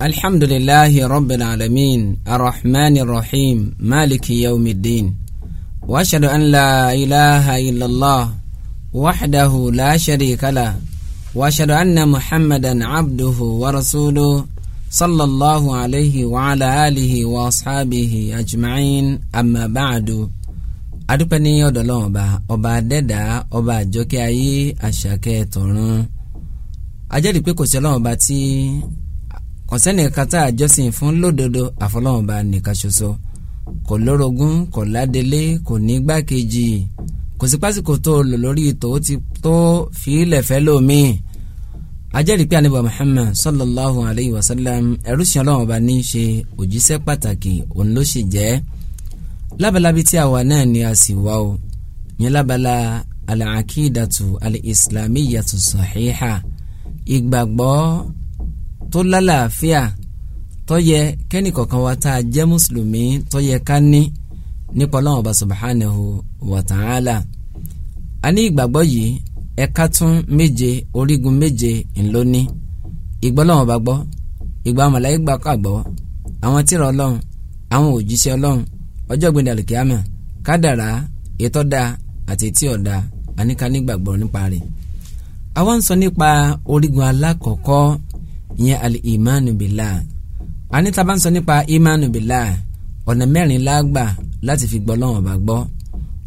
alhamdulilahi rabbil alamin arrahmani rahim maliki yawmiddin wa ashhadu an la ilaha illallah wahdahu la sharika la wa ashhadu anna muhammadan abduhu wa rasuluhu sallallahu alayhi wa ala alihi wa ashabihi ajma'in amma ba'du adúpẹ́ ní ọ̀dọ̀ Ọlọ́run ọba ọba adẹ́dàá ọba àjọkẹ́ ayé àṣàkẹ́ tọ̀run ajẹ́rìí pé kò sí Ọlọ́run ọba tí kò sẹ́nìkan tá a jọ́sìn fún lódodo àfọlọ́wọn bá nìkan ṣoṣo kò lórogún kò ládélé kò ní gbákejì kò sí pásìkò tó lò lórí ìtò ti tó fìlẹ̀ fẹ́ lómi ajẹ́rìí pé anábọ̀ Muhammad sallallahu alayhi wa sallam ẹ̀rú sí ọlọ́wọ́n bá ní í ṣe òjíṣẹ́ pàtàkì òun ló ṣe jẹ́ lábalábí tí a náà ni a sì wá o yẹn lábala alaakidatu alislamiyatu sahiha ìgbàgbọ́ tó lálàáfíà tó yẹ kẹ́nì kọ̀ọ̀kan wa tá a jẹ́ mùsùlùmí tó yẹ ká ní nípa ọlọ́run ọba subhanahu wa ta'ala a ní ìgbàgbọ́ yìí ẹ̀ka tún méje orígun méje ńlóní ìgbọ́lọ́run ọba gbọ́ ìgbà màláíkà gbà kà gbọ́ àwọn tírà ọlọ́run àwọn òjíṣẹ́ ọlọ́run ọjọ́ gbẹ̀dẹ̀ àlùkìyàmà kádàrá ìtọ́da àti etí ọ̀dà àníkanígbàgbọ́ nípa rẹ̀ àwa ń sọ nípa orígun alákọ̀ọ́kọ́ ìyẹn al-imanu billah àní nípa imanu billah ọ̀nà mẹ́rin lágbà láti fi gbọ́ lọ́wọ́ bá gbọ́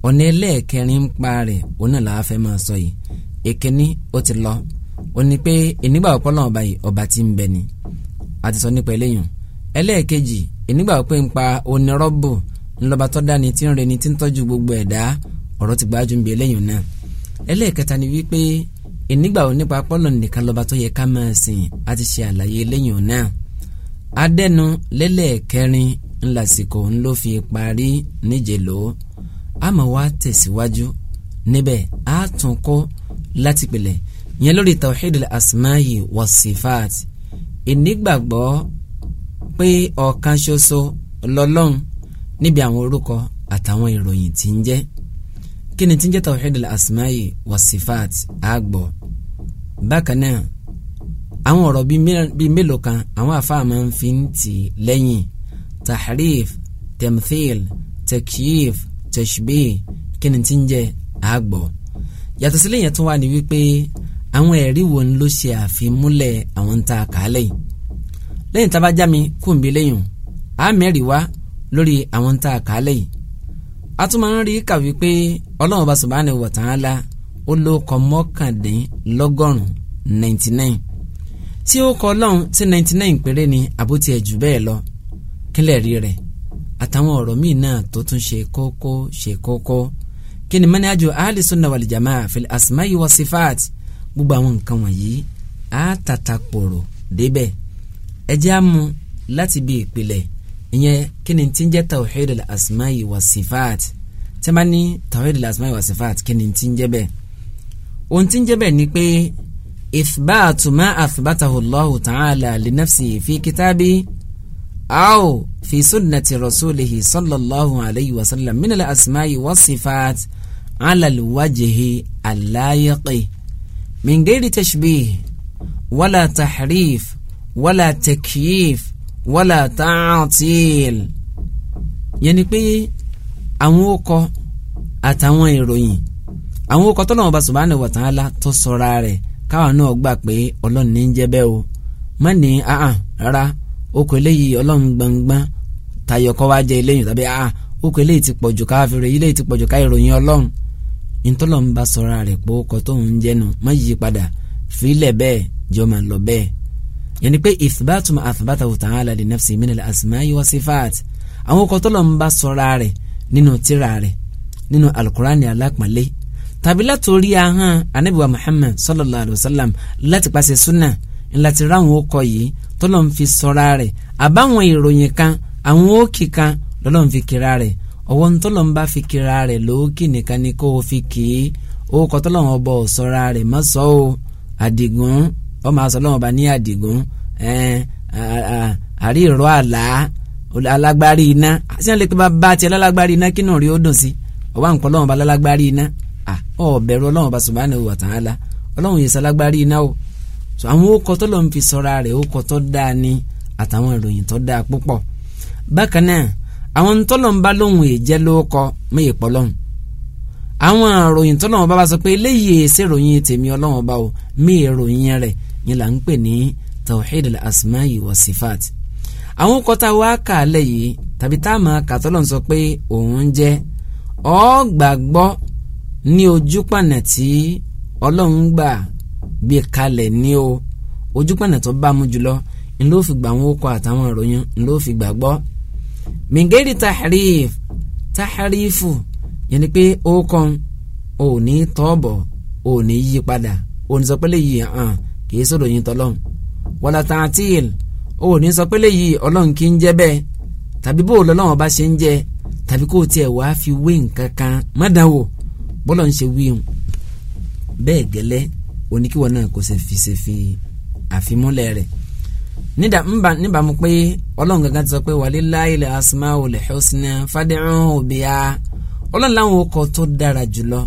ọ̀nà ẹlẹ́ẹ̀kẹrin ń pa rẹ̀ òun náà làá fẹ́ máa sọ yìí èkíní ó ti lọ ó ní pé ìnígbà ọ̀pọ̀ lọ́wọ́ báyìí ọba ti ń bẹ ni àti sọ nípa eléyìí ẹlẹ́ẹ̀kejì ìnígbà ọ̀pẹ́ ń pa onírọ́bù ńlọba tó dání tí ń reni tí ń tọ́jú gbogbo ẹ̀dá ọ̀rọ̀ ti gbájú ń bi eléyìí náà ẹlẹ́ẹ̀kẹta ni wípé ìnígbà wo nípa pọ́lọ̀ nìkan lọ́ba tó yẹ ká máa sìn àti ṣe àlàyé lẹ́yìn ọ̀nà adẹ́nu lẹ́lẹ́ẹ̀kẹrin ńlásìkò ńlọ fi parí níjẹ̀ló àmọ́ wá tẹ̀síwájú níbẹ̀ á tún kọ́ láti pìlẹ̀ yẹn lórí tawhidul asmahi wa sifat ìnígbàgbọ́ pé ọ̀kan ṣoṣo lọ́lọ́run níbi àwọn orúkọ àtàwọn ìròyìn tí ń jẹ́ kí ni tí ń jẹ́ tawhidul asma'i wa sifat àgbọ̀ bákan náà àwọn ọ̀rọ̀ bíi mélòó kan àwọn àfáà máa ń fi ń tì lẹ́yìn tahrif temthil tekyif teshbe kí ni tí ń jẹ́ àgbọ̀ yàtọ̀ sílẹ̀ yẹn tún wà ní wípé àwọn ẹ̀rí wo ló ṣe àfimúlẹ̀ àwọn tá a kà lẹ́yìn tá a bá já mi kúùnbí lẹ́yìn àmẹ́rì wá lórí àwọn tá a kà á a tún máa ń rí kà wípé ọlọ́run bá subhanahu wa ta'ala ó ló kọ mọ́kàndínlọ́gọ́rùn ninety nine tí ó kọ ọlọ́run tí ninety nine péré ni àbótí ẹ̀ jù bẹ́ẹ̀ lọ kílẹ̀ rí rẹ̀ àtàwọn ọ̀rọ̀ míì náà tó tún ṣe kókó ṣe kókó kí ni mẹ́nájú ahli sunna wal jamaa fil asma'i wa sifat gbogbo àwọn nǹkan wọ̀nyí á tàtàkpòrò débẹ̀ ẹ jẹ́ àmú láti bí ìpìlẹ̀ ìyẹn kí ni ti ń jẹ́ tawhidul asma'i wa sifat tí a bá ní tawhidul asma'i wa sifat kí ni ti ń jẹ́ bẹ́ẹ̀ ohun tí ń jẹ́ bẹ́ẹ̀ ni pé ithbatu ma athbatahu Allahu ta'ala li nafsihi fi kitabi aw fi sunnati rasulihi sallallahu alayhi wa sallam min al-asma'i wa sifat ala al-wajhi min ghairi tashbih wala tahrif wala takyif wọ́là tààtìl yẹn ni pé àwọn okọ àtàwọn ìròyìn àwọn okọ tó lọ́wọ́ bá subhanahu wa ta'ala tó sọra rẹ̀ káwọn náà gbà pé ọlọ́run ní í jẹ́ bẹ́ẹ̀ o má ní àhàn rárá okọ eléyìí ọlọ́run gbangban tayọ kọ́ wá jẹ́ eléyìí tàbí àhàn okọ eléyìí ti pọ̀jù káfíìrì eléyìí ti pọ̀jù ká ìròyìn ọlọ́run ntọ́lọ́run sọra rẹ̀ pé okọ tó jẹ́nu má yí padà fílẹ̀ bẹ́ẹ̀ jọ máa lọ bẹ́ẹ̀ yẹni pé ìfìbátùm àfìbátàwò ta'ala li nafsi min al-asma'i wa sifat àwọn ọkọ̀ tọ́lọ̀ ń bá sọ́ra rẹ̀ nínú tíra rẹ̀ nínú alukurani alápọ̀nlé tàbí látòrí ahọ́n anabiwa muhammad sallallahu alayhi wa sallam láti pàṣẹ sunna láti ráwọn ọkọ̀ yìí tọ́lọ̀ ń fi sọ́ra rẹ̀ àbáwọn ìròyìn kan àwọn òkè kan lọ́lọ́ ń fi kíra rẹ̀ ọwọ́ ń tọ́lọ̀ ń bá fi kíra rẹ̀ lókè nìkan ni kó fi kì í ó kọ́ tọ́lọ̀ bọ̀ sọ́ra rẹ̀ má sọ́ o àdìgún ọ máa sọ lọ́wọ́ ní àdìgún àrí àlá alágbárí iná àti ẹ̀ bá tiẹ̀ lálágbárí iná kí náà rí ó dùn sí ọwọ́ nǹkan lọ́wọ́ bá lálágbárí iná ọ bẹ̀rù Ọlọ́run bá subhanahu wa ta'ala Ọlọ́run yìí sálágbárí o so àwọn tó lọ́n fi rẹ̀ àtàwọn ìròyìn tó púpọ̀ àwọn lóhùn èjẹ́ pọ́lọ́hùn àwọn ìròyìn bá sọ yẹn là ń pè ní tawhid al-asma'i wa sifat àwọn kọta wa kà á lẹ̀ yìí tàbí tá a máa kà tọ́lọ̀ ń sọ pé òun jẹ́ ọ́ gbàgbọ́ ní ojúpànà tí ọlọ́run gbà gbé kalẹ̀ ní o ojúpànà tó bá mu jùlọ ń ló fi gbà wọn kọ àtàwọn ìròyìn ń ló fi gbàgbọ́ mingeri tahrif tahrifu yẹn ni pé ó kàn ò ní tọ́ọ̀bọ̀ ò ní yí padà ò ní sọ pé lè yí hàn. Uh, kìí sọ̀rọ̀ yín tọ́lọ́hún wàlá tààtìl ó ní sọ pé léyìí ọlọ́run kì í jẹ́ bẹ́ẹ̀ tàbí bó lọ́lọ́run ọba ṣe ń jẹ tàbí kó tiẹ̀ wá fi wé nǹkan kan mọ́dàwọ̀ bọ́lọ̀ ń ṣe wíhùn bẹ́ẹ̀ gẹ́lẹ́ oníkíwọ́ náà kò ṣe fi ṣe fi àfimúlẹ̀ rẹ̀ nídà ńbà níbàámu pé ọlọ́run gangan ti sọ pé walillahi al-asmaul husna fad'uhu biha ọlọ́run láwọn ọkọ̀ tó dára jùlọ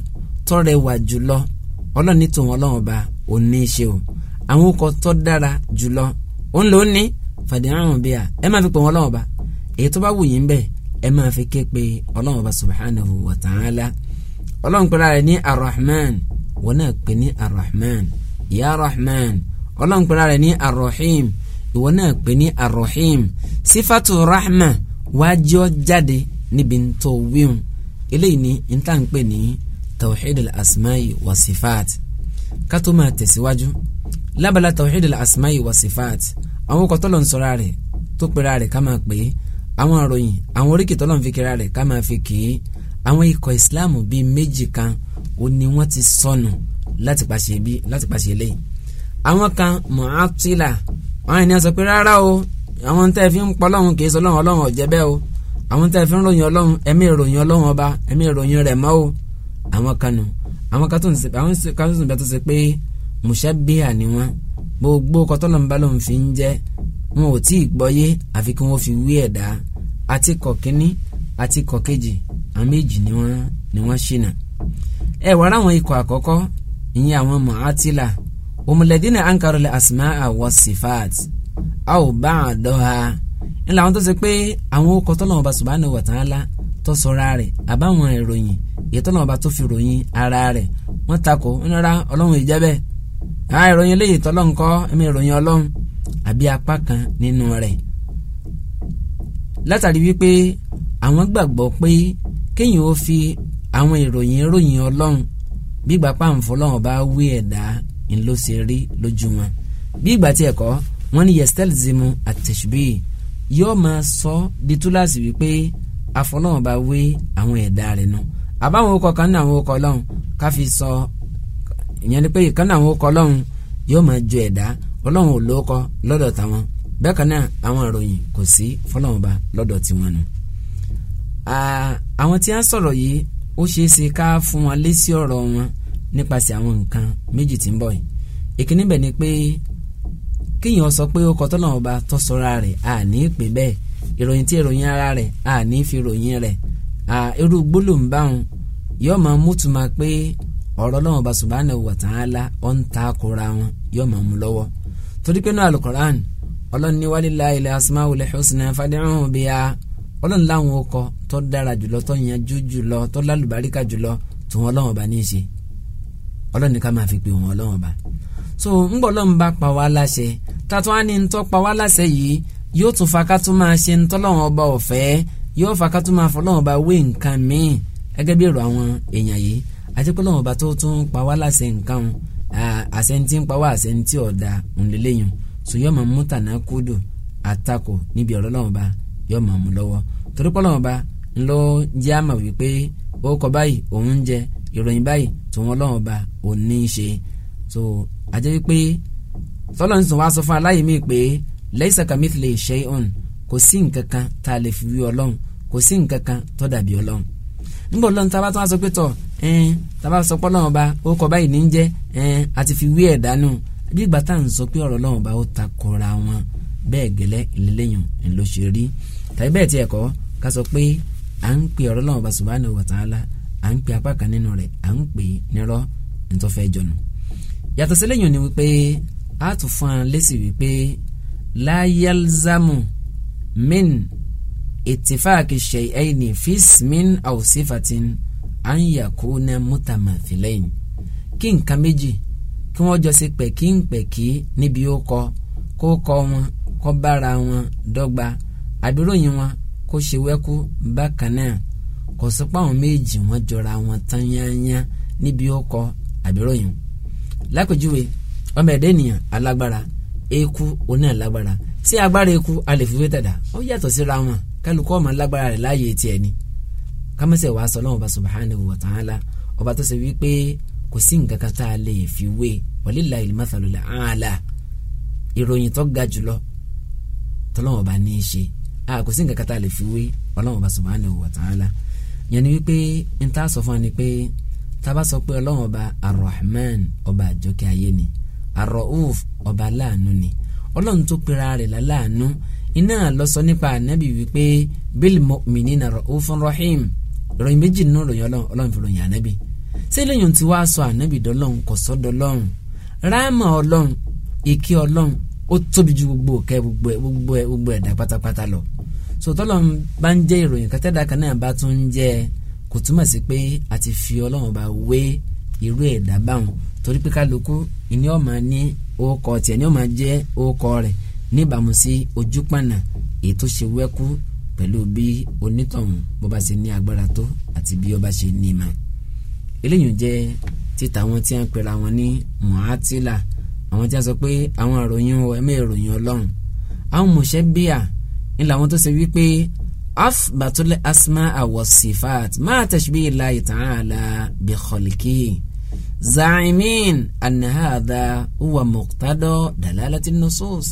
tó rẹwà jùlọ ọlọ́run ní tòun ọlọ́run ọba òní ṣe o àwọn ọkọ̀ tó dára jùlọ òun ló ní fàdíhàn bíà ẹ máa fi pè wọn lọ́wọ́ bá èyí tó bá wù yín bẹ́ẹ̀ ẹ máa fi ké pe ọlọ́wọ́ bá subhanahu wa ta'ala ọlọ́run pẹ̀lú ara ní arahman wọn náà pè ní arahman ya rahman ọlọ́run pẹ̀lú ara ní arahim ìwọ náà pè ní arahim sifatu rahma wájú jáde níbi tó wíwùn eléyìí ni níta pè ní tawhidul asma'i wa sifat ká máa tẹ̀síwájú. Si lábala tawhid al-asma'i wa sifat àwọn orúkọ tọ́lọ̀ ń sọra rẹ̀ tó pera rẹ̀ ká máa pè é àwọn àròyìn àwọn oríkì tọ́lọ̀ ń fi kira rẹ̀ ká máa fi kì í àwọn ikọ̀ ìsìláàmù bíi méjì kan ó ní wọ́n ti sọnù láti pàṣẹ bí láti pàṣẹ lẹ́yìn àwọn kan mu'attila àwọn ènìyàn sọ pé rárá o àwọn tẹ́ fi ń pọ́ lọ́hùn kì í sọ lọ́hùn ọlọ́hùn ọ̀jẹ́ bẹ́ẹ̀ o àwọn tẹ́ fi ń ròyìn ọlọ́hùn ẹ̀mí ìròyìn ọlọ́hùn ọba ẹ̀mí ìròyìn rẹ̀ mọ́ o àwọn kan nù àwọn kan tó ń sèpè àwọn kan tó ń sèpè tó ṣe pé mushabbiha ni wọ́n gbogbo kọ́tọ́lọ́mbà ló ń fi ń jẹ́ wọn ò tí ì gbọ́yé àfi kí wọ́n fi wí ẹ̀dá àti kọ̀kíní àti kọ̀kejì àwọn méjì ni wọ́n ni wọ́n ṣìnà. ẹ wà ráwọn ikọ̀ àkọ́kọ́ ìyẹn àwọn mu'atila òmùlẹ̀dínà ankarole asmaa wa sifat a ò bá àdọ́ha ńlá àwọn tó ṣe pé àwọn okọ̀ tọ́lọ́mọba subhanahu wa ta'ala tó sọra rẹ̀ àbáwọn ìròyìn èyí tọ́lọ́mọba tó fi ròyìn ara rẹ̀ wọ́n takò ńlọ́ra ọlọ́run ìjẹ́bẹ́ẹ́ àwọn ìròyìn eléyìí tọ́lọ́ ńkọ́ ẹ̀mí ìròyìn ọlọ́run àbí apá kan nínú rẹ̀ látàrí wípé àwọn gbàgbọ́ pé kéèyàn ó fi àwọn ìròyìn ìròyìn ọlọ́run bí ìgbà pàǹfọ́ lọ́wọ́ bá wí ẹ̀dá ńlọ́sẹ̀ rí lójú wọn bí ìgbà tí ẹ̀kọ́ wọn ní yestelzimu àtẹ̀sùbí yóò máa sọ di túláàsì wípé afọlọ́wọ́n bá wí àwọn ẹ̀dá rẹ̀ nù àbáwọn okọ̀ kan ní àwọn okọ̀ ọlọ́run ká fi sọ ìyẹn ni pé ìkan náà àwọn ọkọ ọlọ́run yóò máa ju ẹ̀dá ọlọ́run ò lóko lọ́dọ̀ táwọn bẹ́ẹ̀ kan náà àwọn ìròyìn kò sí fọlọ́run ba lọ́dọ̀ tiwọn nù. àwọn tí a sọ̀rọ̀ yìí ó ṣeé ṣe ká fún wọn lésì ọ̀rọ̀ wọn nípasẹ̀ àwọn nǹkan méjì tí ń bọ̀ yìí ìkíní bẹ̀ ni pé kíyàn sọ pé ó kọ tọ́lọ́run ba tó sọ́ra rẹ̀ à ní pè bẹ́ẹ̀ ìròyìn tí ìròyìn ara rẹ̀ à ní fi ròyìn rẹ̀ irú gbólóhùn báwọn yóò máa mútùmá pé ọ̀rọ̀ Ọlọ́run Ọba subhanahu wa ta'ala ọ̀ ń ta kóra wọn yóò máa mú lọ́wọ́ torí pé náà alukoran Ọlọ́run ní walillahi al-asmaul husna fad'uhu biha Ọlọ́run láwọn ọkọ tó dára jùlọ tó yanjú jùlọ tó lálùbáríkà jùlọ tó wọn Ọlọ́run Ọba ní í ṣe Ọlọ́run ká máa fi pè wọn Ọlọ́run Ọba so ńgbọ́ Ọlọ́run bá pa wá láṣẹ tàtó á ní ntọ́ pa wá láṣẹ yìí yóò tún fa ká tún máa ṣe ntọ́lọ́run Ọba ọ̀fẹ́ yóò fa tún máa fọlọ́run Ọba wé nǹkan míì gẹ́gẹ́ bí èrò àwọn èèyàn yìí àjẹpẹ́ náà ọba tó tún pa wá láṣẹ nǹkan o àṣẹntì ń pa wá àṣẹntì ọ̀dà ńlẹ́lẹ́yìn so yọ̀ọ́ máa mú tànà kúdù àtakò níbi ọ̀rọ̀ náà ọba yọ̀ọ́ máa mú lọ́wọ́ torí pọ́ náà ọba ńlọ jẹ́ àmà wípé ó kọ báyìí òun jẹ ìròyìn báyìí tòun ọlọ́run ọba òun ní í ṣe so àjẹ́ wípé tọ́lọ́ ní sùn wá sọ fún aláyè mí pé lẹ́yìn sàkàmìtì lè ṣe é hàn kò sí nǹkan kan tá a lè fi wí ọlọ́run kò sí nǹkan kan tó dàbí ọlọ́run níbo lọ́n tá a bá tún wá sọ pé tọ̀ ẹ̀ẹ́n tá a bá sọ pé Ọlọ́run Ọba ó kọ báyìí ní jẹ́ ẹ̀ẹ́n àti fi wí ẹ̀ dánù bí ìgbà tá à ń sọ pé ọ̀rọ̀ Ọlọ́run Ọba ó ta kora wọn bẹ́ẹ̀ gẹ́lẹ́ ìlẹ́lẹ́yìn ló ṣe rí tàbí bẹ́ẹ̀ tiẹ̀ kọ́ ká sọ pé à ń pe ọ̀rọ̀ Ọlọ́run Ọba subhanahu wa ta'ala à ń pe apá kan nínú rẹ̀ à ń pe nírọ́ nítọ́fẹ́ jọnu yàtọ̀ sílẹ̀yìn yalzamu min ìtìfáàkì ṣẹ̀yẹ́ni físmìn àwòsífàtìn ànyàkúnà mútàmàfìlẹ́yìn kí nǹkan méjì kí wọ́n jọ ṣe pẹ̀kínpẹ̀kí níbi ó kọ kó kọ wọn kó bára wọn dọ́gba àbíròyìn wọn kó ṣe wẹ́kú bákan náà kò sọ pé àwọn méjì wọn jọra wọn tán yányá níbi ó kọ àbíròyìn lápèjúwe ọmọ ẹ̀dá ènìyàn alágbára eku oní alágbára tí agbára eku a lè fi wé tẹ̀dá ó yàtọ̀ síra wọn kálukọ́ ọmọ lágbára rẹ̀ láàyè tiẹ̀ ni kámẹ́sẹ̀ wàá sọ lọ́wọ́ bá subhanahu wa ta'ala ọba tó ṣe wípé kò sí nǹkan kan tá a lè fi wé walillahil mathalul a'la ìròyìn tó ga jùlọ tọ́lọ́wọ́ bá ní í ṣe a kò sí nǹkan kan tá a lè fi wé ọlọ́wọ́ bá subhanahu wa ta'ala yẹn ni wípé n ta sọ fún wa ni pé tába sọ pé ọlọ́wọ́ bá arrahman ọba àjọkẹ́ ayé ni arrauf ọba aláàánú ni ọlọ́run tó pera rẹ̀ láláàánú iná lọ sọ nípa ànábì wípé bil mu'minina ra'ufun rahim ìròyìn méjì nínú ìròyìn ọlọ́run ọlọ́run fi ròyìn ànábì ṣé lẹ́yìn tí wàá sọ ànábì dọ́lọ́run kò sọ dọ́lọ́run ráàmà ọlọ́run ìkẹ́ ọlọ́run ó tóbi ju gbogbo òkè gbogbo ẹ̀dá pátápátá lọ sọtọ́lọ́n bá ń jẹ́ ìròyìn kátẹ́dá kan náà bá tún ń jẹ́ kò túmọ̀ sí pé a fi ọlọ́run bá wé irú ẹ̀dá báwọn torí pé kálukú ni ó máa ní orúkọ tiẹ̀ ni ó máa jẹ́ orúkọ rẹ̀ níbàámu sí ojúpànà ètò ṣe wẹ́kú pẹ̀lú bí onítọ̀hún bó bá ṣe ní agbára tó àti bí ó bá ṣe ní ma eléyìí jẹ́ títa àwọn tí a ń pera wọn ní mọ̀átìlà àwọn tí a sọ pé àwọn ìròyìn ẹ̀mẹ́ ìròyìn ọlọ́run àwọn mọ̀ṣẹ́ bíà ni làwọn tó ṣe wípé afbatulẹ̀ asma awọ sifat máa tashbihi Allah ta'ala bi khalqihi zaimin anna hadha huwa muqtada dalalati nusus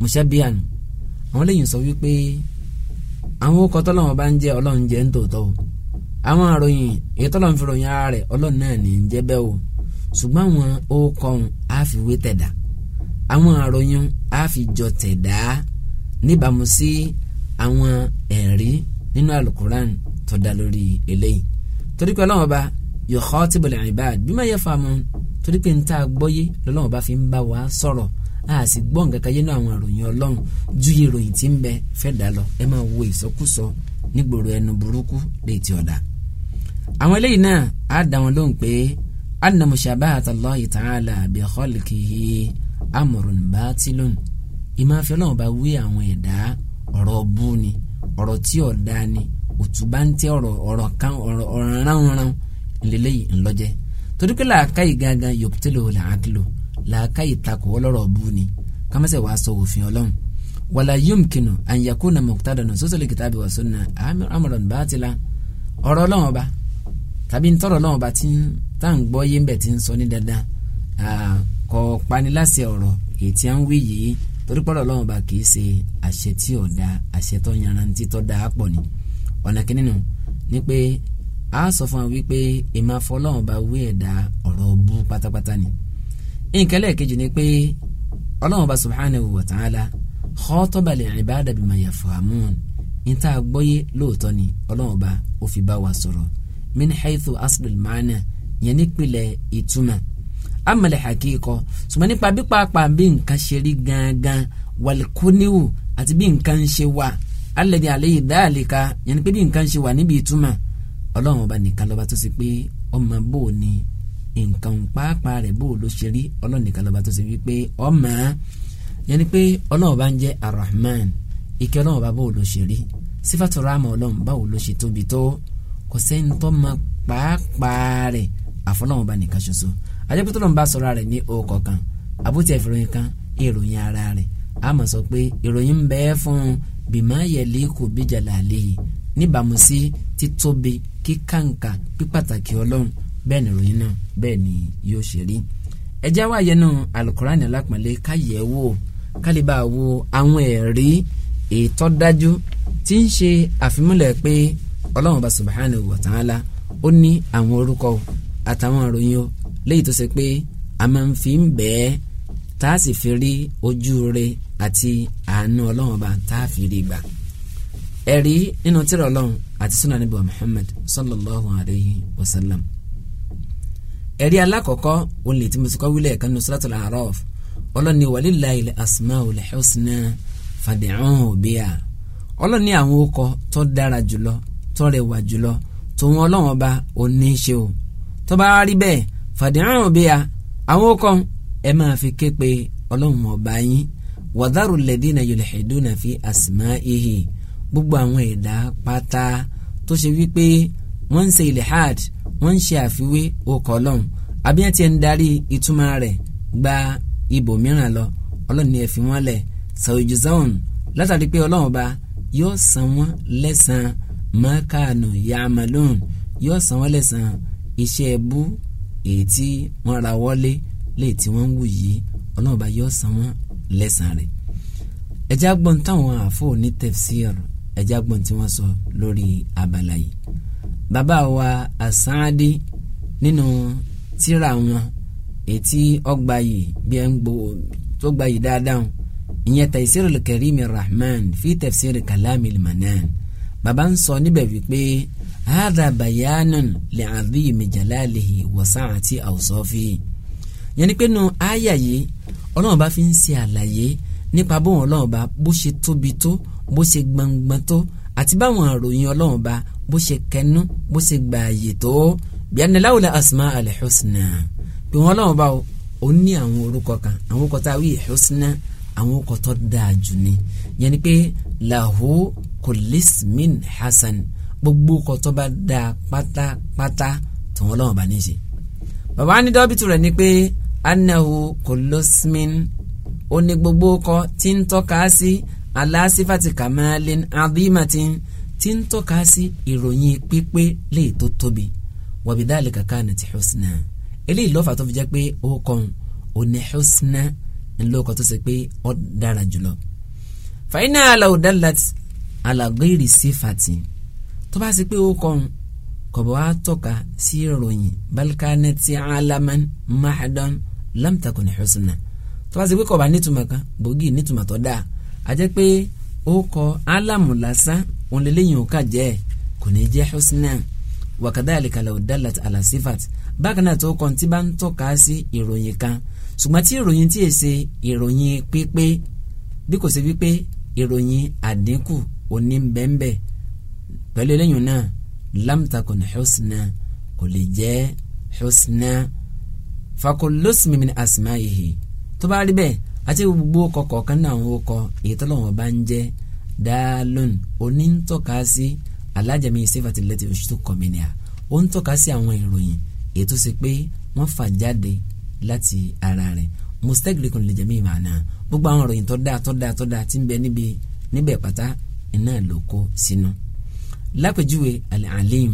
mushabihan àwọn lẹ́yìn sọ wípé àwọn okọ tọ́lọ́wọ́n bá ń nje ọlọ́run jẹ́ ń awọn àwọn àròyìn èyí ara rẹ ọlọ́run náà ní ń o ṣùgbọ́n àwọn ọkọ fi àwọn àròyìn fi jọ níbàámu sí àwọn nínú alukuran tó dá lórí torí pé ọlọmọba. yukhatibu al-ibad bima yafhamu torí pé níta gbọ́yé lọ́lọ́run bá fi ń bá wa sọ̀rọ̀ a sì gbọ́ nǹkan kan yé nínú àwọn ìròyìn ọlọ́run ju ìròyìn tí ń bẹ fẹ́ dà lọ ẹ máa wo ìsọkúsọ nígboro ẹnu burúkú lè ti ọ̀dà. àwọn eléyìí náà á dá wọn lóhùn pé anna mushabahata Allahi ta'ala bi khalqihi amrun batilun ìmáfẹ́ náà bá wí àwọn ẹ̀dá ọ̀rọ̀ bú ọ̀rọ̀ tí ọ̀dà ni òtúbáńtẹ́ ọ̀rọ̀ kan ọ̀rọ̀ ránranran lélẹ́yìí ńlọ́jẹ́ torí pé làákàyè gangan yòpútélò làákìlò làákàyè takò ọlọ́rọ̀ bú ni kámẹ́sẹ̀ wàá sọ òfin ọlọ́run wàlá yomkinu ànyàkú na mọ̀kútàdà nà sọ́sọ́lẹ̀ kìtàbí wà sọ́nà amọ̀ràn bá ti la ọ̀rọ̀ ọlọ́run ọba tàbí ntọ́rọ̀ ọlọ́run ọba tí tá à ń gbọ́ yé ń bẹ̀ tí ń sọ ní dandan kò paniláṣẹ ọ̀rọ̀ ètí à ń wí yìí torí pọ́lọ̀ ọlọ́run ọba kì ṣe àṣẹ tí ò da àṣẹ tó yanrantí tó da pọ̀ ni ọ̀nà kìnínú ni pé a sọ fún wa wípé ìmọ̀ afọlọ́run bá wí ẹ̀dá ọ̀rọ̀ bú pátápátá ni nǹkan lẹ́ẹ̀kejì ni pé ọlọ́run bá subhanahu wa ta'ala khotaba li ibada bima yafhamun ní tá a gbọ́yé lóòótọ́ ni ọlọ́run bá ó fi bá wa sọ̀rọ̀ min haythu aslul maana yẹn nípìnlẹ̀ ìtumọ̀ amẹ̀lẹ̀ hakíkọ ṣùgbọ́n nípa bí pàápàá bí nǹkan ṣe rí gangan wàlíkúníwò àti bí nǹkan ṣe wà alẹ́ ní alẹ́ yìí dáàlì ka yẹn ni pé bí nǹkan ṣe wà níbi ìtumọ̀ ọlọ́run ọba nìkan lọ́ba tó ṣe pé ọmọ bò ní nǹkan pàápàá rẹ̀ bò ló ṣe rí ọlọ́run nìkan lọ́ba tó ṣe wípé ọmọ yẹn ni pé ọlọ́run ọba ń jẹ́ arahman ike ọlọ́run ọba bò ló ṣe rí sífàtò ráàmù ọlọ́run báwo ló ṣe tóbi tó kò sẹ́ni tó mọ pàápàá rẹ̀ àfọlọ́run ọba nìkan ṣoṣo àjẹpẹ́tọ́ ló ń bá sọ̀rọ̀ rẹ̀ ní ọkọ̀ kan àbútí ìfìròyìn kan ìròyìn ara rẹ̀ a sọ pé ìròyìn ń bẹ́ẹ̀ fún un bíjà làálẹ́ yìí níbàámu sí títóbi kíkàǹkà pípàtàkì ọlọ́run bẹ́ẹ̀ ni ròyìn náà bẹ́ẹ̀ ni yóò ṣe rí ẹ já wá yẹnu alukurani alápọ̀nlé káyẹ̀ wò kálíbà wo àwọn ẹ̀rí ètò dájú tí ń ṣe àfimúlẹ̀ pé ọlọ́run bá subhanahu wa ta'ala ó ní àwọn orúkọ àtàwọn ìròyìn o léyìí tó ṣe pé a máa ń fi ń bẹ́ẹ̀ tá a sì fi rí ojú rẹ àti àánú ọlọ́run bá tá a fi rí gbà ẹ̀rí nínú tírà ọlọ́run àti sunan níbi wa Muhammad sallallahu alayhi wa sallam ẹ̀rí alákọ̀ọ́kọ́ òun lè ti mo ti kọ́ wílẹ̀ kan ní suratul A'raf ọlọ́ni walillahil asmaul husna fad'uhu biha ọlọ́ni àwọn okọ̀ tó dára jùlọ tó rẹwà jùlọ tòun ọlọ́run ọba òní ṣe o tó bá rí bẹ́ẹ̀ fad'uhu biha àwọn okọ̀ ẹ máa fi ké ọlọ́run ọba yín wadharu alladhina yulhiduna fi asma'ihi gbogbo àwọn ẹ̀dá pátá tó ṣe wípé wọ́n ń ṣe ilhad wọ́n ń ṣe àfiwé okọ̀ ọlọ́run abíyẹn ti ń darí ìtumọ̀ rẹ̀ gba ibòmíràn lọ ọlọ́run ni ẹ fi wọ́n lẹ̀ sàwùjú zaun látàrí pé ọlọ́run ọba yóò san wọ́n lẹ́sàn mọ́kànù yàmàlóhùn yóò san wọ́n lẹ́sàn iṣẹ́ ẹbú èyí tí wọ́n ra wọlé léyìí tí wọ́n ń wù yìí ọlọ́run ọba yóò san wọ́n lẹ́sàn rẹ̀ ẹ̀jẹ̀ agbọ̀n táwọn àfọ̀ ní tẹ̀síọ̀rù ẹ̀já gbọ́n tí wọ́n sọ lórí abala yìí. bàbá wa àsáádé nínú tíra wọn ètí ọgbà yìí bí ẹ ń gbó tó gbà yìí dáadáa ìyẹn tàìsírò kẹrìmì rahman fi tafsir kàlámì manan bàbá ń sọ níbẹ̀ wípé hada bayanun li azimi jalalihi wa sa'ati awsafi yẹn pé nu àyà yìí ọlọ́run bá fi ń ṣe àlàyé nípa bóun ọlọ́run ọba bó ṣe tóbi tó bó ṣe gbọ̀ngbọ̀n tó àti báwọn àròyìn ọlọ́run ọba bó ṣe kẹnu bó ṣe gbààyè tó bíyànjú láwùlẹ̀ asma al-husna pé wọn ọlọ́run ọba ò ní àwọn orúkọ kan àwọn orúkọ tá a wí husna àwọn orúkọ tó dáa jù ni yẹn ni pé lahu kulismin hasan gbogbo orúkọ tó bá dáa pátápátá tó wọn ọlọ́run ọba ní í ṣe bàbá anidọ́bìtì rẹ̀ ni pé anahu kulismin hasan ó ní gbogbo kọ tí ń tọ́ka sí aláṣífàtì kàmáàlín adímàtì tí ń tọ́ka sí ìròyìn pípé lè tó tóbi wàbídàlẹ kàkà ní ti husna eléyìí lọ́fà tó fi jẹ́ pé ó kàn ó ní husna ńlọ́kọ̀ tó ṣe pé ó dára jùlọ. fàyínà aláwòdàlát alágbèrè sífàtì tó bá ṣe pé ó kàn kọ̀bọ̀ á tọ́ka sí ìròyìn balkanati alaman mahadan lamtakun husna tó bá ṣe pé kò bá nítumọ̀ kan gbòógì nítumọ̀ tó dáa a jẹ́ pé ó kọ alamu lásán òun lélẹ́yìn ò kà kò ní jẹ́ husna wàkàdá àlìkàlẹ̀ òdàlàt àlàsífàt bákan náà tó kọ tí bá ń tọ́ka sí ìròyìn kan ṣùgbọ́n tí ìròyìn tí èsè ìròyìn pípé bí kò ṣe wípé ìròyìn àdínkù òní bẹ́ẹ̀nbẹ́ pẹ̀lú eléyìn náà lamtakun husna kò lè jẹ́ husna fakolosimi min tó bá ati bẹ́ẹ̀ àti gbogbo ọkọ̀ kọ̀ọ̀kan náà àwọn ọkọ̀ èyí tó lọ́wọ́ bá ń jẹ́ dáálọ́n onítọ́ka sí alájẹmí sífàtì lẹ́tì oṣù tó kọ̀ mìíràn ó ń tọ́ka sí àwọn ìròyìn èyí tó ṣe pé wọ́n fà jáde láti ara rẹ̀ mustaqrikun lè jẹ̀mí gbogbo àwọn ìròyìn tó dáa tó dáa tó dáa ti ń bẹ níbi níbẹ̀ pátá iná ló kó sínú. lápèjúwe al-alim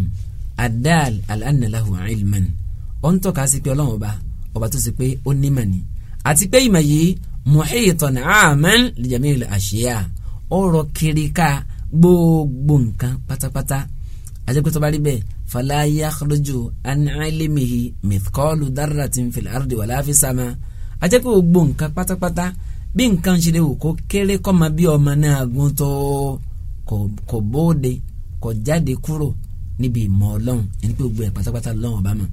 adal al-annalahu ilman ó ń tọ́ka sí pé ọlọ́run ọba ọba tó ṣe pé ó nímọ̀ ni àti pé ìmọ̀ yìí muhitan aman li jamil ashiya ọ̀rọ̀ kiri ká gbogbo nǹkan pátápátá àjẹpẹ́ tó bá rí bẹ́ẹ̀ fala yakhruju an ilmihi mithqalu darratin fil ardi wala fis sama àjẹpẹ́ gbogbo nǹkan pátápátá bí nǹkan ṣe lè wò kó kéré kọ́mọ bí ọmọ náà gún tó kò bóde kò jáde kúrò níbi ìmọ̀ ọlọ́run ẹni pé gbogbo ẹ̀ pátápátá lọ́wọ́ bá mọ̀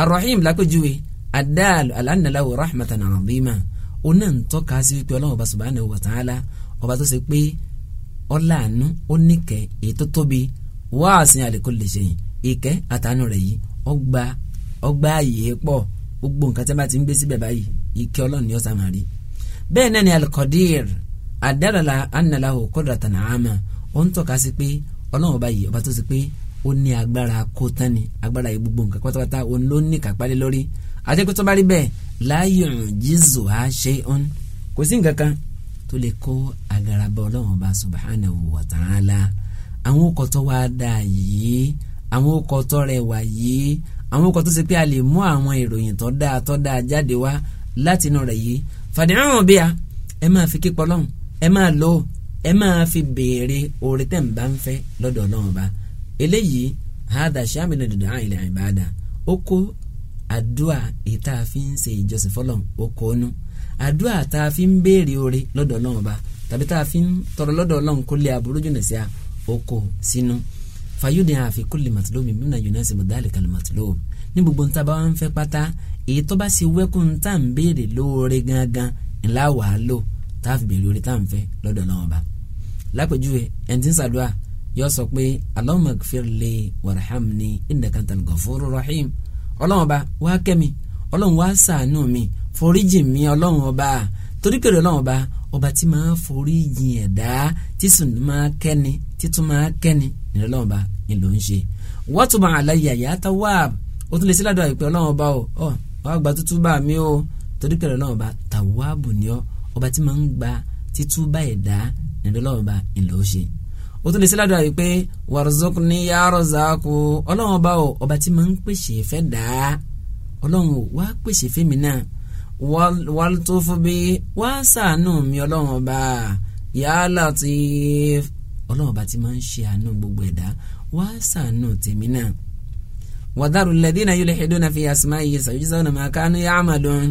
arrahim lápẹ́jùwe adáàlú alánàláwò rahmatan azima òun náà ń tọ́ka sí wípé ọlọ́run ọba subhanahu wa ta'ala ọba tó ṣe pé ọláàánú ó níkẹ́ èyí tó tóbi wáàsìn àlèkò lè ṣe yìí ìkẹ́ àtàánú rẹ̀ yìí ọgbà ọgbà ààyè pọ̀ gbogbo nǹkan tí a bá ti ń gbé síbẹ̀ báyìí ìkẹ́ ọlọ́run ni ó sàmà rí bẹ́ẹ̀ náà ni alikodir adarala annalahu ama ó ń tọ́ka sí pé ọlọ́run ọba yìí ọba tó ó ní agbára kó tán ni agbára yìí gbogbo nǹkan pátápátá òun ló ní kápálẹ́ lórí àtẹ́kù tó bá rí bẹ́ẹ̀ láàyò jésù á ṣe ọ́n kò sí nǹkan kan tó lè kó agarabẹ́ ọlọ́run bá subhanahu wa ta'ala àwọn ọkọ̀ tó wá dáa yìí àwọn ọkọ̀ tó rẹwà yìí àwọn ọkọ̀ tó ṣe pé a lè mú àwọn ìròyìn tó dáa tó dáa jáde wá láti inú rẹ̀ yìí fàdíhàn bíà ẹ máa fi kíkọ lọ́hùn ẹ máa lò ó ẹ máa fi béèrè oore tẹ̀ ń bá ń fẹ́ lọ́dọ̀ ọlọ́run bá eléyìí hada shamilun du'a ila ibada ó Adua ìta fi ń ṣe ìjọsìn fọlọ́n okò nu àdúà tá a fi ń béèrè oore lọ́dọ̀ ọlọ́run ọba tàbí tá a fi ń tọrọ lọ́dọ̀ ọlọ́run kó lé aburú jùlọ sí a okò sínú fayodin àfi kó lè màtúlómi mímúna yunẹ́sì mọ̀dálì kalẹ̀ màtúlómi ní gbogbo nta bá ń fẹ́ pátá èyí tó bá ṣe wẹ́kùn tá ń béèrè lóore gangan ńlá wàá lò tá fi béèrè oore tá ń fẹ́ lọ́dọ̀ ọlọ́run ọba lápèjúwe ẹni tí ń ṣàdúà yóò sọ pé Allahumma gfirli warhamni innaka antal ghafurur rahim ọlọ́run ọba wá kẹ́mi ọlọ́run wá ṣàánú mi foríjì mi ọlọ́run ọba torí pèrè ọlọ́run ọba ọba tí máa foríjì ẹ̀dá tí sùn máa kẹ́ni títún máa kẹ́ni nílẹ̀ ọlọ́run ọba ni ló ń ṣe wọ́n tún máa àlàyé àyà tá wà tún lè sí ládùúgbò àìpẹ́ ọlọ́run ọba o ọ wàá gba tútúbà mi o torí pèrè ọlọ́run ọba tàwáàbù ni ọ ọba tí máa ń gba títúbà ẹ̀dá nílẹ̀ ọlọ́run ọba ni ló ń ó tún lè sí ládùúgbà yìí pé warzok ní yàrá zaku ọlọ́run ọba o ọba tí mo ń pèsè fẹ́ dà ọlọ́run o wá pèsè fẹ́mi náà wàá tó fún bí wá ṣàánú mi ọlọ́run ọba ya Latif ọlọ́run ọba tí mo ń ṣe àánú gbogbo ẹ̀dá wá ṣàánú tèmi náà wàdàrú lẹ́dínà yulhiduna fi asma'ihi sayujzawna ma kanu ya'malun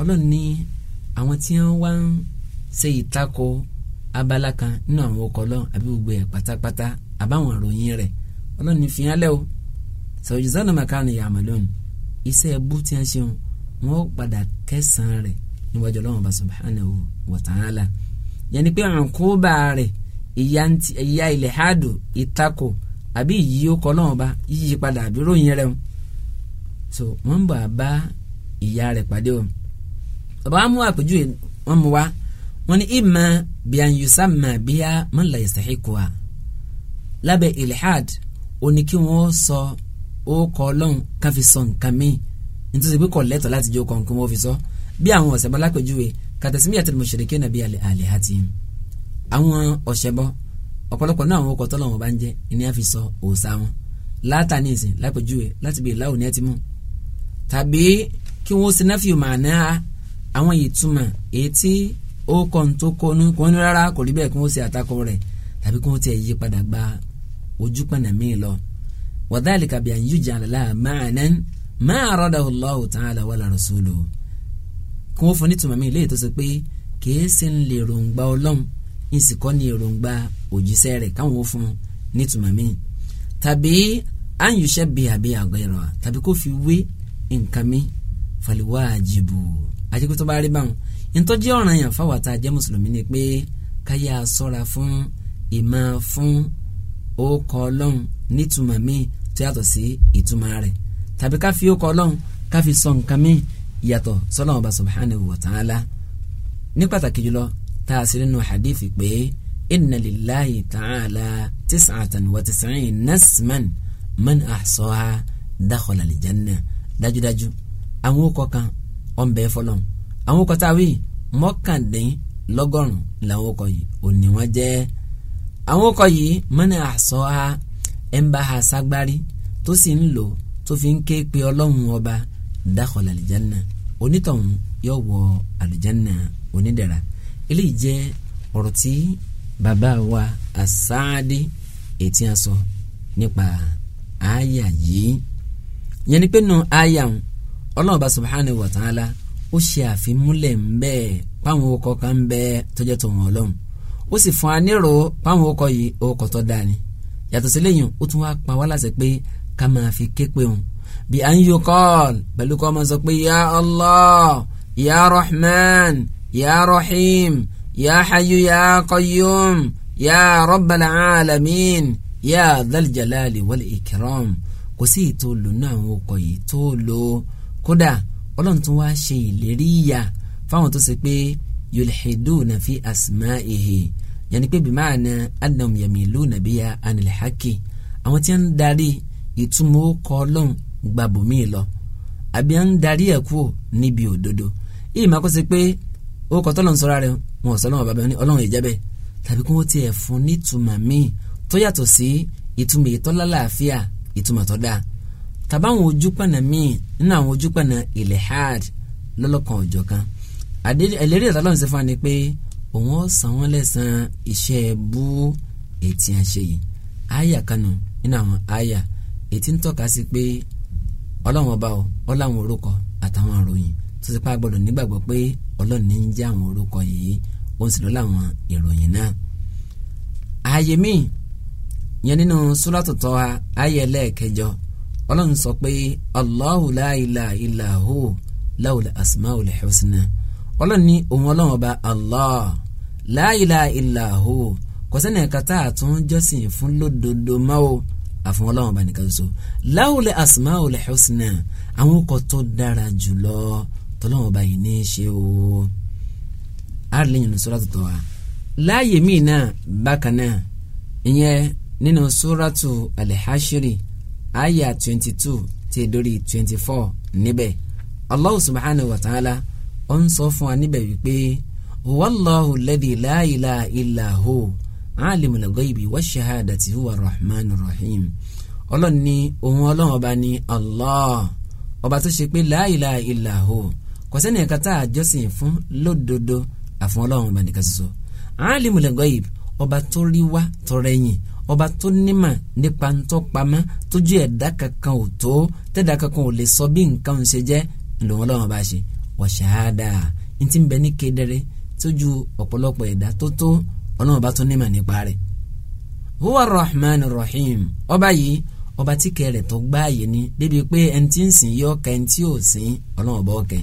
ọlọ́run ní àwọn tí wọ́n wá ń ṣe ìtakò abala kan nínú àwọn ọkọ̀ ọlọ́run àbí gbogbo ẹ̀ pátápátá àbáwọn ìròyìn rẹ̀ ọlọ́run ní fìyàn lẹ́wọ̀ sọ̀jùsọ́nà màkàrin yàmà lónìí iṣẹ́ ẹbú tí a ṣe wọn wọn padà kẹsàn-án rẹ̀ níwájú ọlọ́run bá subhanahu wa ta'ala yẹnni pé àǹkóbá rẹ̀ ìyá ilẹ̀ hádù ìtakò àbí ìyí ó kọ́ bá yíyí padà àbí ròyìn rẹ̀ so wọ́n bọ̀ bá ìyá rẹ̀ pàdé wọn bàbá wa àpèjúwe wọn mú wa wọ́n ní ìmọ̀ bíyànjúsàmà bíyà mọ́lá ìsàhíkùá lábẹ́ ilhad òní kí wọ́n sọ orúkọ ọlọ́run ká fi sọ nǹkan míì nítorí pé kò lẹ́tọ̀ọ́ láti jẹ́ okọ̀ nǹkan wọ́n fi sọ bí àwọn ọ̀sẹ̀bọ lápẹ̀júwe kàtàsímíyà tẹ̀lé mọ̀ṣẹ̀rẹ̀kẹ́ nàbí alẹ́ alẹ́ àti àwọn ọ̀sẹ̀bọ ọ̀pọ̀lọpọ̀ náà àwọn orúkọ tọ́lọ́run bá ń jẹ́ ìní àfi sọ òòṣà wọn látà ní ìsìn láti bèè láwùn ní ẹtí mú tàbí kí wọ́n ṣe náfìmọ̀ àwọn ìtumọ̀ èyí tí ó kọ́ ní tó kọ́ ní kò ní rárá kò rí bẹ́ẹ̀ kí wọ́n ṣe àtakò rẹ̀ tàbí kí wọ́n ti yí padà gba ojú pọ̀nà míì lọ. wadhalika bi an yuj'ala ma'nan ma aradahu Allahu ta'ala wala rasuluhu kí wọ́n fún ní tùmọ̀ mi léyìí tó ṣe pé kìí ṣe ń lè ròǹgbà ọlọ́run ìsìnkọ́ ní èròǹgbà òjíṣẹ́ rẹ̀ káwọn ó fún ní mi tàbí an yushabbiha biha ghayrahu tàbí kó fi wé nǹkan mi fal wajibu ntọ́jú ọ̀ràn yàn fáwọn tá a jẹ́ mùsùlùmí ni pé káyà sọ́ra fún ìmọ̀ fún orúkọ ọlọ́run nítumọ̀ míì tó yàtọ̀ sí ìtumọ̀ rẹ̀ tàbí ká fi orúkọ ọlọ́run ká fi sọ nǹkan míì yàtọ̀ sọ́lọ́run ọba subhanahu wa ta'ala ní pàtàkì jùlọ tá a sì nínú hadithi pé inna lillahi ta'ala tis'atan wa tis'in nasman man ahsaha dakhala al-janna àwọn orúkọ kan ọ̀nbẹ́ fọlọ́run àwọn ọkọ̀ táwí mọ́kàndínlọ́gọ́rùn làwọn ọkọ̀ yìí òní wọ́n jẹ́ àwọn ọkọ̀ yìí mọ́nà àṣọ ha ẹ̀ ń bá ha ságbárí tó sì ń lò tó fi ń ké pe ọlọ́run ọba dákọ̀lá àlìjánná onítọ̀hún yóò wọ àlìjánná onídẹ̀ra eléyìí jẹ́ ọ̀rọ̀ tí bàbá wa àsáàdé ètí a sọ nípa àáyà yìí yẹn ni pé nù àáyà ọlọ́run ọba subhanahu wa ta'ala ó ṣe àfimúlẹ̀ ń bẹ́ ẹ̀ páwọn ọkọ̀ kan ń bẹ́ ẹ̀ tọ́jọ́ tó wọn ọlọ́run ó sì fún anírò páwọn ọkọ̀ yìí ọkọ̀ tó dáa ni yàtọ̀ sí lẹ́yìn ó tún wá pa wá láṣẹ pé ká máa fi ké pé òun bí à ń yọ kọ́ọ̀l pẹ̀lú kọ́ máa sọ pé ya Allah ya Rahman ya Rahim ya Hayyu ya Qayyum ya Rabbal Alamin ya dal Jalali wal Ikram kò sí ìtò lò náà àwọn ọkọ̀ yìí tó lò kódà ọlọ́run tún wá ṣe ìlérí ìyà fáwọn tó ṣe pé yulhiduna fi asma'ihi yẹnni pé bimaana annahum yamiluna biya anil haqi àwọn tí ń darí ìtumọ̀ ọkọ ọlọ́run gbàbọ̀mí lọ àbí à ń darí ẹ̀ kú níbi òdodo yìí máa kó ṣe pé ó kọ́ sọ́ra rẹ̀ wọn ò sọ lọ́wọ́ ní ọlọ́run ìjẹ́bẹ̀ tàbí kí wọ́n tiẹ̀ fún nítumọ̀ míì tó yàtọ̀ sí ìtumọ̀ ìtọ́lá tàbáwọn ojúpànà míì nínú àwọn ojúpànà ilhad lọ́lọ́kan ọ̀jọ̀kan àlérí ìtàlọ́ ń ṣe fún wa ni pé òun ó san wọ́n lẹ́sàn-án iṣẹ́ bú ètí àṣẹ yìí àyà kanu nínú àwọn àyà ètí ń tọ́ka sí pé ọlọ́run ọba o ọláwọn orúkọ àtàwọn àròyìn tó ti pa gbọdọ̀ nígbàgbọ́ pé ọlọ́run ní ń jẹ́ àwọn orúkọ yìí ó ń sì lọ láwọn ìròyìn náà. ààyè míì yẹn nínú sùrátù Tọ́hà àyà ẹlẹ́ẹ̀kẹjọ ọlọ́run sọ pé Allahu la ilaha illa hu lahul asmaul husna ọlọ́run ní òun ọlọ́run ọba Allah la ilaha illa hu kò sẹ́ni ẹ̀ka tá a tún jọ́sìn fún lódodo mọ́ o àfọwọ́ ọlọ́run ọba nìkan so lahul asmaul husna àwọn kò tó dára jùlọ tọ́lọ́run ọba yìí ní í ṣe o àrùlẹ́yìn ní sọ́ra tuntun wa láàyè míì náà bákan náà ìyẹn nínú sóràtù alẹ́hásírì àyà twenty two ti dórí twenty four níbẹ̀ Allah subhanahu wa ta'ala ó ń sọ fún wa níbẹ̀ wípé wallahu alladhi la ilaha illa hu alimul ghaybi wa shahadati huwa rahman rahim ọlọ́run ní ohun ọlọ́run ọba ní Allah ọba tó ṣe pé la ilaha illa hu kò sẹ́ni ẹ̀ka tá a jọ́sìn fún lódodo àfọ̀n ọlọ́run ọba nìkan ṣoṣo alimul ghaybi ọba tó rí wá tó rẹ́yìn ọba tó nímà nípa ntọ́ pamọ́ tójú ẹ̀dá kankan ò tó tẹ́dá kankan ò lè sọ bí nǹkan ṣe jẹ́ lòun ọlọ́run bá ṣe wọ́n ṣáádà ntí ń bẹ ní kedere tójú ọ̀pọ̀lọpọ̀ ẹ̀dá tó tó ọlọ́run bá tó nímà nípa rẹ̀. huwa rahman rahim ọba yìí ọba tí kẹrẹ tó gbáàyè ni débi pé ẹni tí ń sìn yọ ọkẹ ẹni tí ò sìn ọlọ́run ọba ọkẹ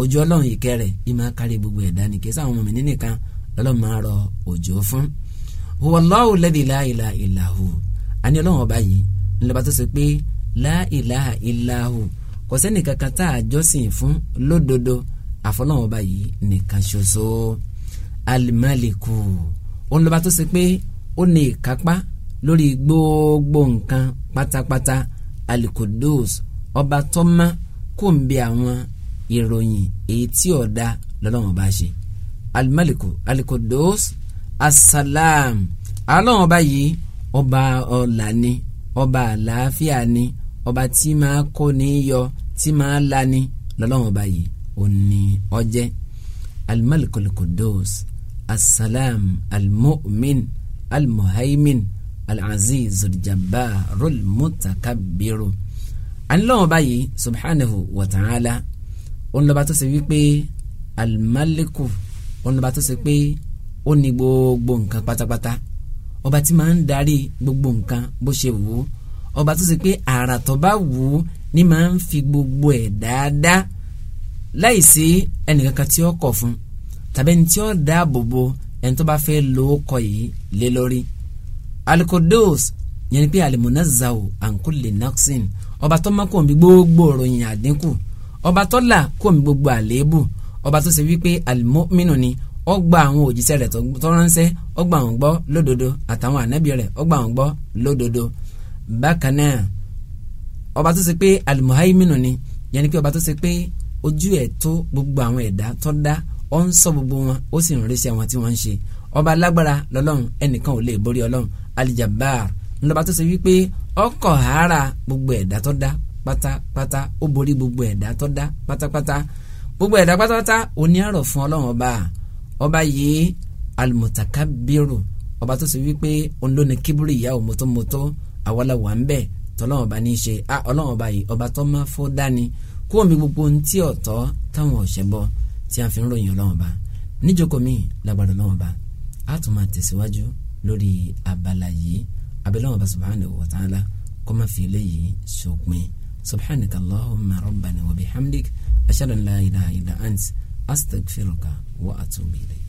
ojú ọlọ́run ìkẹrẹ ìmọ̀ akárí gbogbo ẹ̀dá ni kí sáwọn ọmọ mi nínìkan lọ́lọ́ máa rọ òjò fún huwallahu alladhi la ilaha illa hu àní ọlọ́run ọba yìí ńlọba tó ṣe pé la ilaha illa hu kò sẹ́ni kankan tá a jọ́sìn fún lódodo àfọlọ́run ọba yìí nìkan ṣoṣo alimaliku ńlọba tó pé ó ní ìkápá lórí gbogbo nǹkan pátápátá alikudus ọba tọ́mọ kò ń bí àwọn ìròyìn èyí tí ọ̀dà lọ́lọ́run ọba ṣe alimaliku alikudus asalaam Ọlọ́run ọba yìí ọba ọlà ni ọba àlàáfíà ni ọba tí máa kó ni yọ tí máa là ni lọ́lọ́run ọba yìí òní ọjẹ́ al-Malikul Quddus asalaam al-Mu'min al-Muhaymin al-Aziz al-Jabbarul subhanahu wa ta'ala òun tó ṣe wípé al-Maliku tó ṣe pé ó ní gbogbo nǹkan pátápátá ọba tí máa ń darí gbogbo nǹkan bó ṣe wù ú ọba tó ṣe pé àrà bá wù ú ni máa ń fi gbogbo ẹ̀ dáadáa láì sí ẹnìkankan tí ó kọ̀ fún tàbí ẹni tí ó dáàbò bo ẹni tó bá fẹ́ lo ọkọ yìí lé lórí alikodos yẹn ni pé alimonazao ankule naxin ọba tó má kò ń bí gbogbo òròyìn àdínkù ọba tó là kò ń gbogbo àléébù ọba tó ṣe wípé alimominuni ó gba àwọn òjíṣẹ́ rẹ̀ tó ránṣẹ́ ó gba àwọn gbọ́ lódodo àtàwọn ànábì rẹ̀ ó gba àwọn gbọ́ lódodo bákan náà ọba tó ṣe pé alimuhaiminu ni yẹn ni pé ọba tó ṣe pé ojú ẹ̀ tó gbogbo àwọn ẹ̀dá tó dá ó ń sọ gbogbo wọn ó sì ń rí sí àwọn tí wọ́n ń ṣe ọba alágbára lọ́lọ́run ẹnìkan ò lè borí ọlọ́run alijabar ńlọba tó ṣe wípé ọkọ̀ hàrà gbogbo ẹ̀dá tó dá pátápátá ó borí gbogbo ẹ̀dá tó dá pátápátá gbogbo ẹ̀dá pátápátá òní àrò fún ọlọ́run ọba ọba yìí almutakabbiru ọba tó ṣe wípé òun ló ní kíbúrú ìyá ò mọ́tòmọ́tò àwọlàwà ń bẹ̀ tọ́lọ́wọ́n ọba ní í ṣe a ọlọ́wọ́n ọba yìí ọba tó máa fọ́ dání kó omi gbogbo ohun tí ọ̀tọ́ táwọn ọ̀ṣẹ́ bọ́ tí a fi ń ròyìn ọlọ́wọ́n ọba níjókòó mi lágbàdo ọlọ́wọ́n ọba a tún máa tẹ̀síwájú lórí abala yìí abẹ́lẹ́wọ̀n ọba subhanahu wa ta'ala kó má fi أستغفرك وأتوب إليك